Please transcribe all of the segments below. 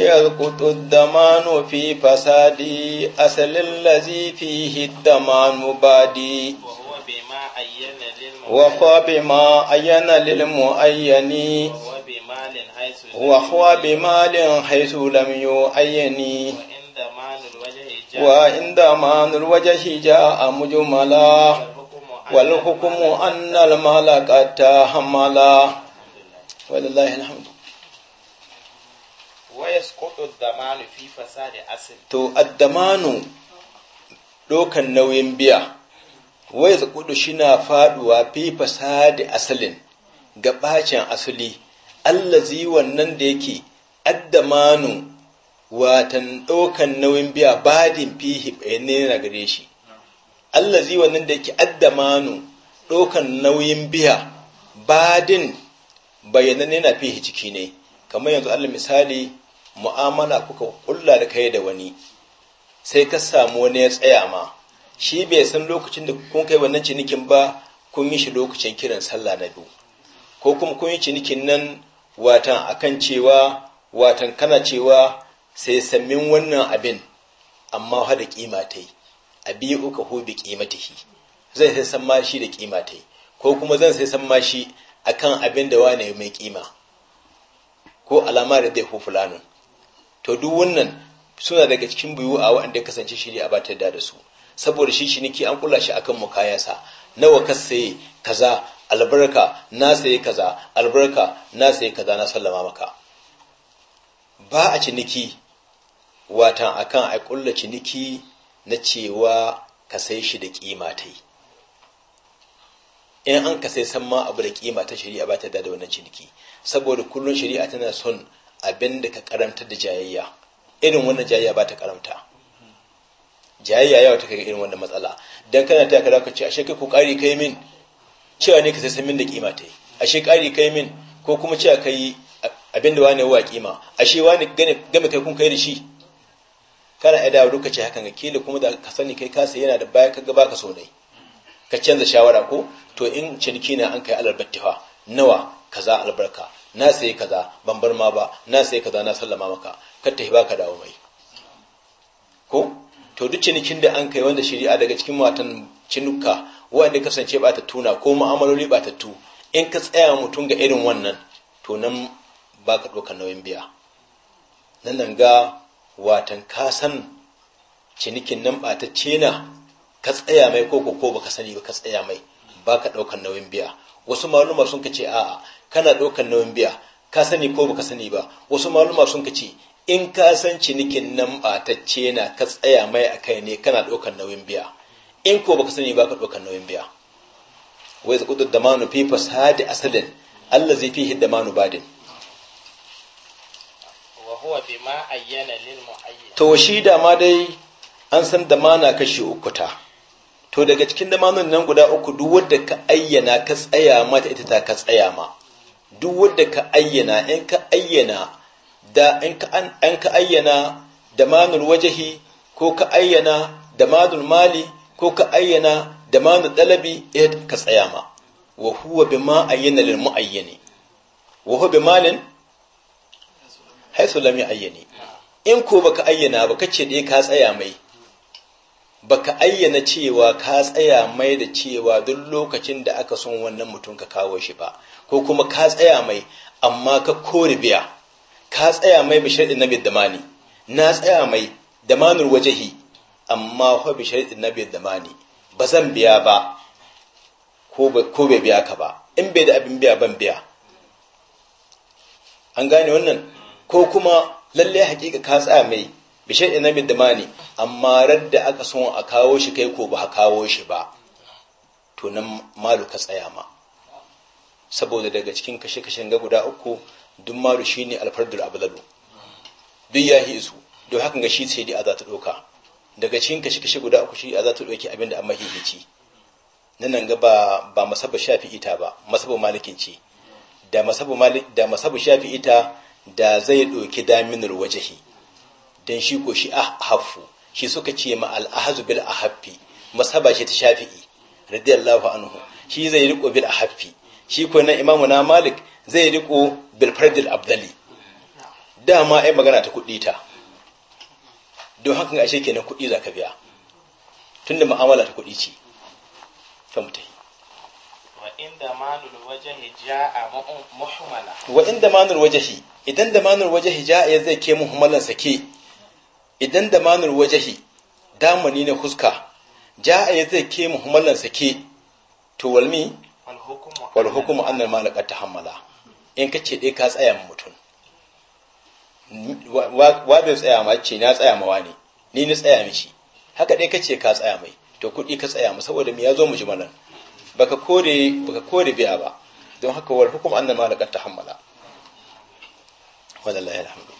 يلقط الدمان في فساد أصل الذي فيه الدمان بادي وهو بما عين للمؤين وهو بمال حيث لم يعين وعند مان الوجه جاء مجملا والحكم أن المال قد تحملا ولله الحمد to addamanu dokan nauyin biya kudu shi na faduwa fi fasadi asalin ga bacin asali allazi wannan da yake addamanu watan dokan nauyin biya badin fihi eh, ne na gare shi allazi wannan da yake addamanu dokan nauyin biya badin bayanai na fihi ciki ne kamar yanzu allah misali mu'amala kuka kulla da kai da wani sai ka samu wani ya tsaya ma shi bai san lokacin da kun kai wannan cinikin ba kun yi shi lokacin kiran sallah na biyu ko kuma kun yi cinikin nan watan akan cewa watan kana cewa sai sammin wannan abin amma da kima ta yi a biyu uka hu bi kimatihi zai sai san mashi da kima ta yi ko kuma zan sai san mashi akan abin da wane mai kima ko alama da dai hu fulanin to duk wannan suna daga cikin biyu a waɗanda ya kasance shari'a ba ta da su saboda shi ciniki an kula shi akan mukayasa nawa ka saye kaza albarka na saye kaza albarka na saye kaza na sallama maka ba a ciniki watan akan a kulla ciniki na cewa ka sai shi da kima ta in an ka sai san ma abu da kima ta shari'a ba ta da wannan ciniki saboda kullun shari'a tana son abin da ka karanta da jayayya irin wannan jayayya ba ta karanta jayayya yawa ta kai irin wannan matsala dan kana ta kada ka ce ashe kai kari kai min cewa ne ka sai min da kima ta yi ashe kari kai min ko kuma cewa kai abin da wani wa kima ashe wani game kai kun kai da shi kana ya dawo duka ce hakan ga kila kuma da ka sani kai ka sai yana da baya ka gaba ka so dai ka canza shawara ko to in ciniki na an kai alarbattifa nawa kaza albarka na sai kaza ban bar ma ba na sai kaza na sallama maka kar ta baka dawo mai ko to duk cinikin da an kai wanda shari'a daga cikin matan cinuka wanda kasance ba ta tuna ko mu'amaloli ba ta tu in ka tsaya mutum ga irin wannan to nan ba ka ɗaukar nauyin biya nan nan ga watan ka san cinikin nan ba ta cena ka tsaya mai ko ko ba ka sani ba ka tsaya mai ba ka ɗaukar nauyin biya wasu maluma sun kace a'a kana ɗaukar nauyin biya ka sani ko baka sani ba wasu maluma sun kace in ka san cinikin nan batacce na ka tsaya mai a kai ne kana ɗaukar nauyin biya in ko baka sani ba ka ɗaukar nauyin biya wai za kudu da manu fi hadi asalin Allah zai fi hidda manu badin to shi da ma dai an san da mana kashi ta. to daga cikin damanin nan guda uku duk wadda ka ayyana ka tsaya mata ita ta ka tsaya ma duk wadda ka ayyana in ka ayyana da in ka an ka ayyana damanul wajahi ko ka ayyana damanul mali ko ka ayyana damanul dalabi ita eh, ka tsaya ma wa huwa bima ayyana lil muayyani wa huwa bimalin haythu lam ayyani in ko baka ayyana ba kace dai ka tsaya mai baka ayyana cewa ka tsaya mai da cewa duk lokacin da aka son wannan mutum ka kawo shi ba ko kuma ka tsaya mai amma ka kore biya ka tsaya mai bishirɗin na bidamani na tsaya mai damanur wajahi amma fa bishirɗin na bidamani ba zan biya ba ko bai biya ka ba in bai da abin biya ban biya an gane wannan ko kuma lallai hakika ka tsaya mai bishan ina min ne amma radda aka son a kawo shi kai ko ba a kawo shi ba to nan malu ka tsaya ma saboda daga cikin kashe-kashen ga guda uku duk malu shine abu-lalu duk ya yi isu da hakan ga shi sai dai a za ta ɗauka daga cikin kashe-kashe guda uku shi a za ta ɗauki abin da an mahihici nan ga ba ba masabu shafi ita ba masabu malikin ce da masabu malik da masabu da zai ɗauki daminar wajahi dan shi ko shi ahafu shi suka ce ma al-ahzu bil ahaffi masaba ce ta shafi'i radiyallahu anhu shi zai riko bil ahaffi shi ko na imamu na malik zai riko bil fardil abdali dama ai magana ta kuɗi ta don haka ga ashe kenan kuɗi za ka biya tunda mu'amala ta kuɗi ce kan mutai wa inda manul wajahi idan da manul wajahi ja'a zai ke muhimmalan sake idan da manul wajahi damani na huska a ya zai ke muhammalan sake to walmi wal annar annal ta hammala. in ka ce dai ka tsaya mu mutum wa bai tsaya ma ce na tsaya ma wani ni ni tsaya mishi haka dai ce ka tsaya mai to kudi ka tsaya ma saboda ya zo mu ji malan baka kore baka kore biya ba don haka wal hukumu annal ta hammala. wallahi alhamdulillah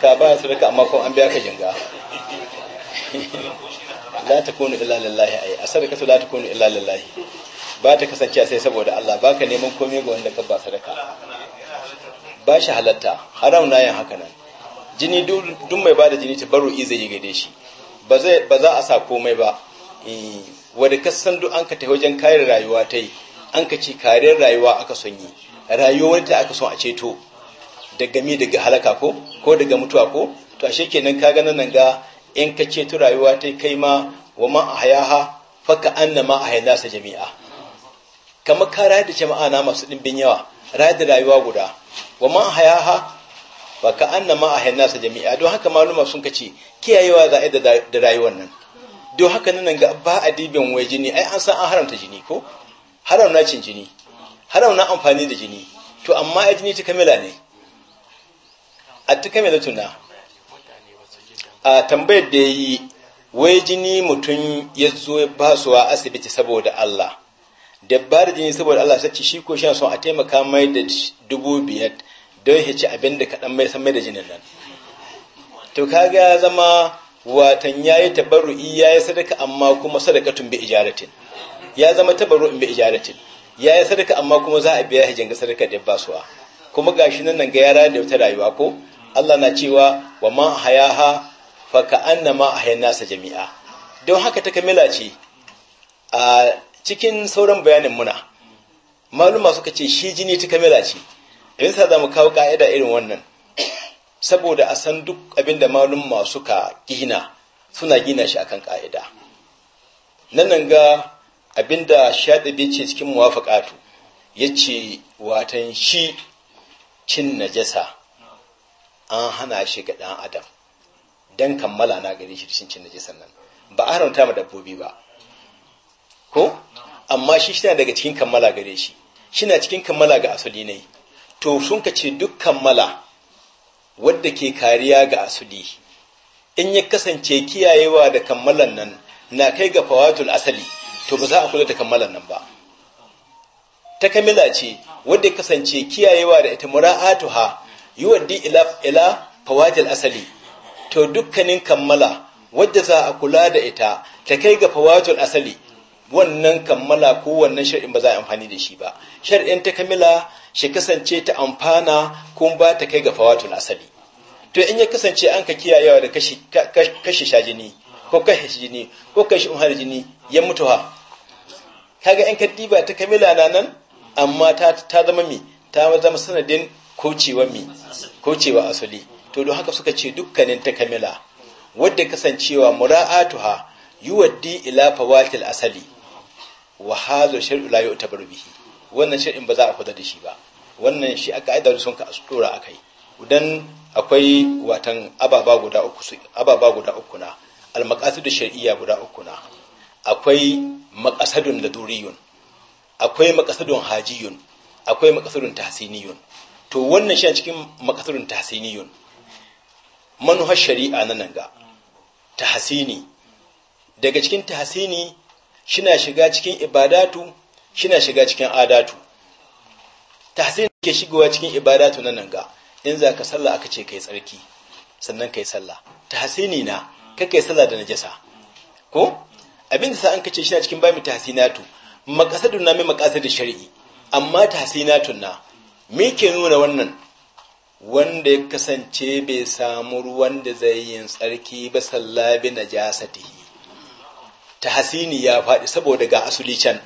ka ba sadaka amma kuma an biya ka jinga la kunu illa lillahi ay asadakatu la kunu illa lillahi ba ta kasance sai saboda Allah baka neman komai ga wanda ka ba sadaka ba shi halatta haram na yin haka nan jini duk mai bada jini ta baro izai ga gade shi ba za a sa komai ba eh, wani ka san duk an ka tafi wajen kare rayuwa ta yi an ka ci kariyar rayuwa aka son yi rayuwar ta aka son a ceto Daga mi daga halaka ko ko daga mutuwa ko to ashe kenan ka ga nan ga in ka ce tu rayuwa ta kai ma wa ma ahyaha fa ka ma ahyana sa jami'a kamar ka rayar da jama'a na masu dimbin yawa rayar da rayuwa guda wa ma ahyaha fa ka ma ahyana sa jami'a don haka maluma sun kace kiyayewa za a da rayuwar nan don haka nan ga ba a dibin wai jini ai an san an haramta jini ko haramna cin jini haramna amfani da jini to amma ai jini ta kamila ne a tuka mai tuna a tambayar da ya yi wai jini mutum ya zo ba su a asibiti saboda Allah da ba da jini saboda Allah sai shi ko shi son a taimaka mai da dubu biyar don ya ci abin da kaɗan mai san mai da jinin nan to kaga ya zama watan ya yi iya ya yi sadaka amma kuma tun bi ijaratin ya zama in bi ijaratin ya yi sadaka amma kuma za a biya hijin ga sadaka da basuwa kuma gashi nan nan ga yara da wata rayuwa ko Allah na cewa wa man hayaha fa ka ahyan nasa jami'a don haka ta kamila ce a cikin sauran bayanin muna maluma suka ce shi jini ta kamila ce in sa za mu kawo ka'ida irin wannan saboda a san duk abin da maluma suka gina suna gina shi akan ka'ida nan nan ga abin da shaɗabi ce cikin muwafaƙatu ya ce watan shi cin najasa an hana shi ga ɗan adam don kammala na gani shi cin najisan nan ba a haramta ma dabbobi ba ko amma shi shi daga cikin kammala gare shi shi na cikin kammala ga asali ne to sun ka ce duk kammala wadda ke kariya ga asali in ya kasance kiyayewa da kammalan nan na kai ga fawatul asali to ba za a kula da kammalan nan ba ta kamila ce wadda kasance kiyayewa da ita mura'atuha yuwaddi ila ila fawajil asali to dukkanin kammala wadda za a kula da ita ta kai ga fawajil asali wannan kammala ko wannan shari'in ba za a amfani da shi ba shar'in ta kamila shi kasance ta amfana kun ba ta kai ga fawatul asali to in ya kasance an ka kiyayewa da kashi sha jini ko kashi jini ko kashi umar jini ya mutu ha kaga in ka diba ta kamila na nan amma zama mi ta zama sanadin kaucewa mi asali to don haka suka ce dukkanin ta kamila wadda kasancewa mura'atuha yuwaddi ila fawatil asali wa hazo shar'u la yu'tabaru bihi wannan shar'in ba za a kwada da shi ba wannan shi aka ka'ida sun ka dora akai idan akwai watan ababa guda uku ababa guda uku na almaqasidu shar'iyya guda uku na akwai maqasadun laduriyun akwai maqasadun hajiyun akwai maqasadun tahsiniyun to wannan shi a cikin makasarun tahsiniyun manuhar shari'a na nan ga tahsini daga cikin tahsini shina shiga cikin ibadatu shina shiga cikin adatu tahsini ke shigowa cikin ibadatu na nan ga in za ka sallah aka ce kai tsarki sannan kai sallah tahsini na kakai sallah da najasa ko abin da sa an kace na cikin bami tahsinatu maqasadun na mai maqasadin shar'i amma tahsinatun na me ke nuna wannan wanda ya kasance bai samu ruwan da zai yin tsarki ba sallabi na jasadi ta hasini ya faɗi saboda ga asuli can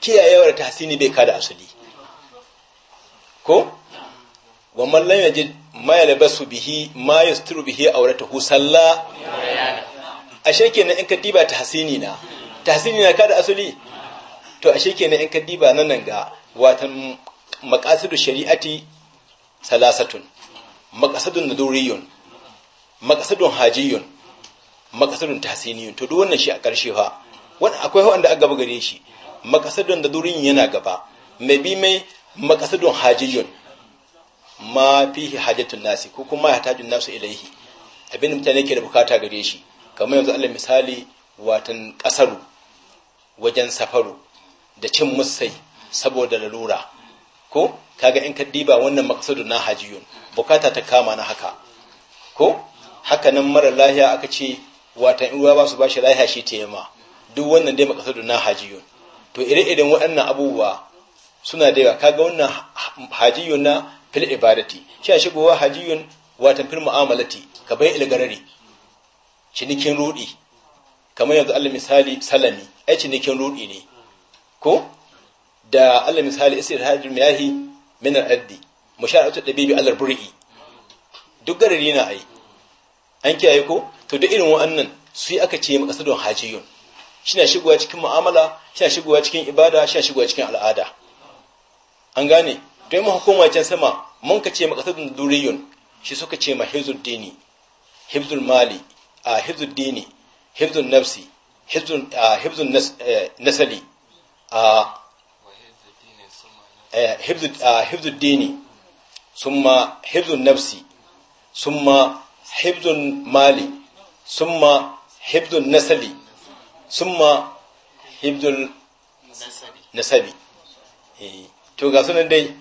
kiyayewar ta hasini bai kada asuli ko wa mallam ya ji ma ya labasu bihi ma bihi a bihi auratahu salla ashe kenan in ka diba ta hasini na ta hasini na kada asuli to ashe kenan in ka diba nan ga watan maqasidu shari'ati salasatun maqasadun naduriyun maqasadun hajiyun maqasadun tahsiniyun to duk wannan shi a ƙarshe fa wani akwai wanda aka gaba gare shi maqasadun naduriyun yana gaba mai bi mai maqasadun hajiyun ma fihi hajatun nasi ko kuma ya tajun nasu ilaihi abin da mutane ke da bukata gare shi kamar yanzu Allah misali watan kasaru wajen safaru da cin musai saboda lalura ko kaga in ka diba wannan maqsadu na hajiyun bukata ta kama na haka ko haka nan mara lahiya aka ce watan in ruwa ba su bashi lahiya shi ta yamma duk wannan dai maqsadu na hajiyun to ire-iren waɗannan abubuwa suna da yawa kaga wannan hajiyun na fil ibadati shi a shigowa hajiyun watan fil mu'amalati ka bai ilgarari cinikin rudi kamar yanzu Allah misali salami ai cinikin rudi ne ko da Allah misali istirhajul miyahi min al-addi musharatu dabibi Allah bur'i duk garari na ai an kiyaye ko to da irin wa'annan su aka ce maqsadun hajiyun shina shigowa cikin mu'amala shina shigowa cikin ibada shina shigowa cikin al'ada an gane don mu hukuma can sama mun ka ce maqsadun duriyun shi suka ce mahizud dini hibzul mali a hibzul dini hibzul nafsi hibzul eh, nasali a Eh, hibzu ah, dini summa hibzun nafsi summa hibzun mali summa hibzun nasali summa hibzun nasabi eh, to ga sunan dai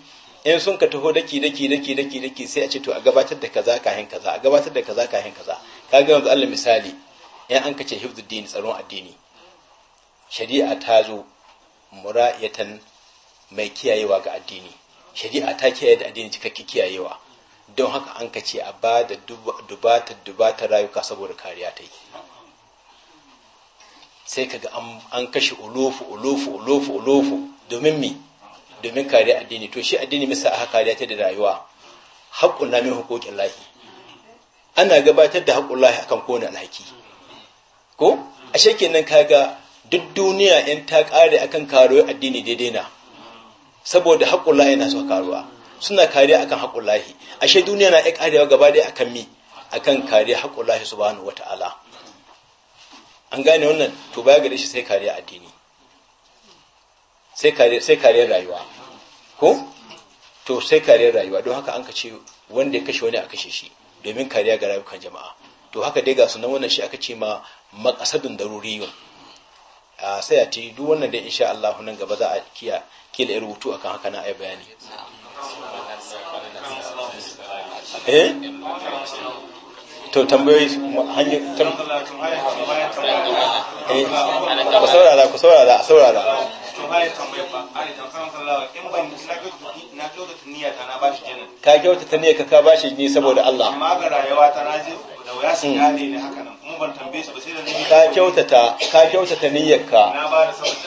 in sun ka taho daki daki daki daki daki sai a ce to a gabatar da kaza kahin kaza a gabatar da kaza kahin kaza ka ga yanzu Allah misali in an kace hifdud din tsaron addini shari'a ta zo mura'iyatan mai kiyayewa ga addini shari'a ta kiyaye da addini cikakke kiyayewa don haka an ka ce a ba da dubatar dubatar rayuka saboda kariya ta yi sai kaga an kashe olofu olofu olofu olofu domin mi domin kariya addini to shi addini misa aka kariya ta da rayuwa haƙƙun na min hukukin lahi ana gabatar da haƙƙun lahi akan kone alhaki ko a shekin nan kaga duk duniya in ta kare akan karo addini daidai saboda haƙƙun yana na karuwa suna kariya akan haƙƙun ashe duniya na iya karewa gaba da akan mi akan kariya haƙƙun lahi subhanahu wata'ala an gane wannan to baya gare shi sai kariya addini sai kariyar rayuwa ko to sai kariyar rayuwa don haka an ka ce wanda ya kashe wani a kashe shi domin kariya ga rayukan jama'a to haka dai ga sunan wannan shi aka ce ma makasadun daruriyun a sai a ce duk wannan dai insha Allah nan gaba za a kiya ke da rubutu akan haka na ayi bayani eh to tambayoyi hanyar eh, ku saurara ku saurara a saurara ka kyauta ta niyyar ka ka bashi ne saboda Allah amma ga rayuwa ta naje da wuya su hmm. gane ne haka nan ka kyautata ka kyautata niyyarka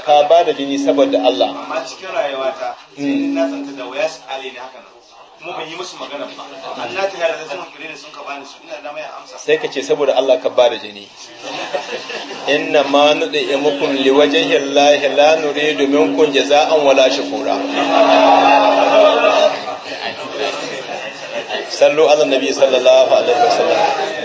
ka ba da jini saboda Allah amma cikin rayuwata sai ni na santa da wayas ali ne haka nan kuma ban yi musu magana ba Allah ta yarda sun kire ne sun ka bani su ina da mai amsa sai ka ce saboda Allah ka ba da jini inna ma nudi imukum liwajhi Allah la nuridu minkum jaza'an wala shukura sallu ala nabi sallallahu alaihi wasallam